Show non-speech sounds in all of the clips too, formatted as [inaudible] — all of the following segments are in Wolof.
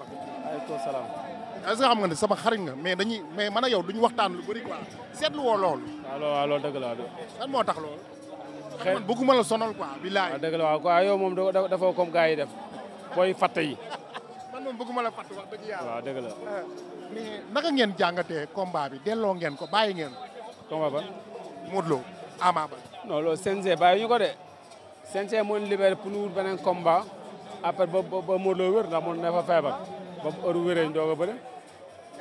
waaleykum salaam. a ce que xam nga ne sama xarit nga mais dañuy mais man a yow duñu waxtaan lu bëri quoi seetlu woo loolu. waaw waaw loolu dëgg la lan moo tax loolu. xëy man bëgguma la sonal quoi. billaay waaw dëgg la waaw yow moom dafoo comme gars yi def yi. [laughs] man moom bëgguma la fàtte wax dëgg yàlla. Euh, naka ngeen jàngatee combat bi delloo ngeen ko bàyyi ngeen ko. combat ba. Modou Lo Ama Baldé. non loolu CNG ñu ko de CNG moo libéré pour ñu wut beneen combat. après ba ba wér ndax mu ne fa feebar ba heure wéree ñu doog a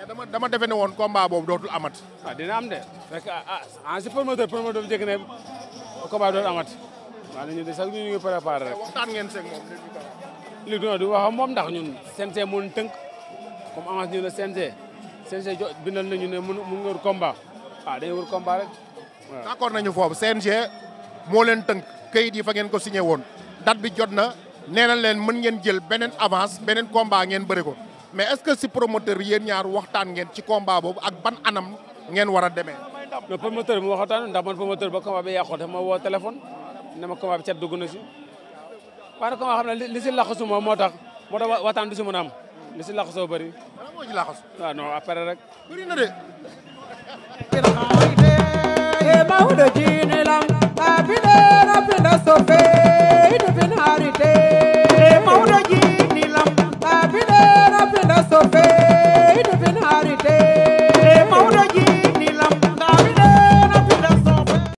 dama dama defe ne woon combat boobu dootul amat. Ah, dina am de fekk ah ah si promoteur promoteur bi njëkk ne combat dootul amat waaw ñun de sax ñu ngi préparé rek. waxtaan ngeen seeg moom wax moom ndax ñun CNG moo ñu tënk comme avance ñu ne CNG CNG jo bindal nañu ne mun mun nga wër combat waaw ah, dañuy wër combat rek waaw. d'accord nañu foofu CNG moo leen tënk kayit yi fa ngeen ko signé woon date bi jot na. nee na leen mën ngeen jël beneen avance beneen combat ngeen bëri ko mais est-ce que si promoteur yéen ñaar waxtaan ngeen ci combat boobu ak ban anam ngeen war a demee. non promoteur bi mu waxtaan ndax man promoteur ba combat bi yàqoo te ma woo téléphone ne ma combat bi cat dugg na si waaye nag combat xam ne li si laxasu moom moo tax moo tax waxtaan du si mën a li si laxasoo bëri. lan moo si laxasu. Ah, rek. bëri na de. so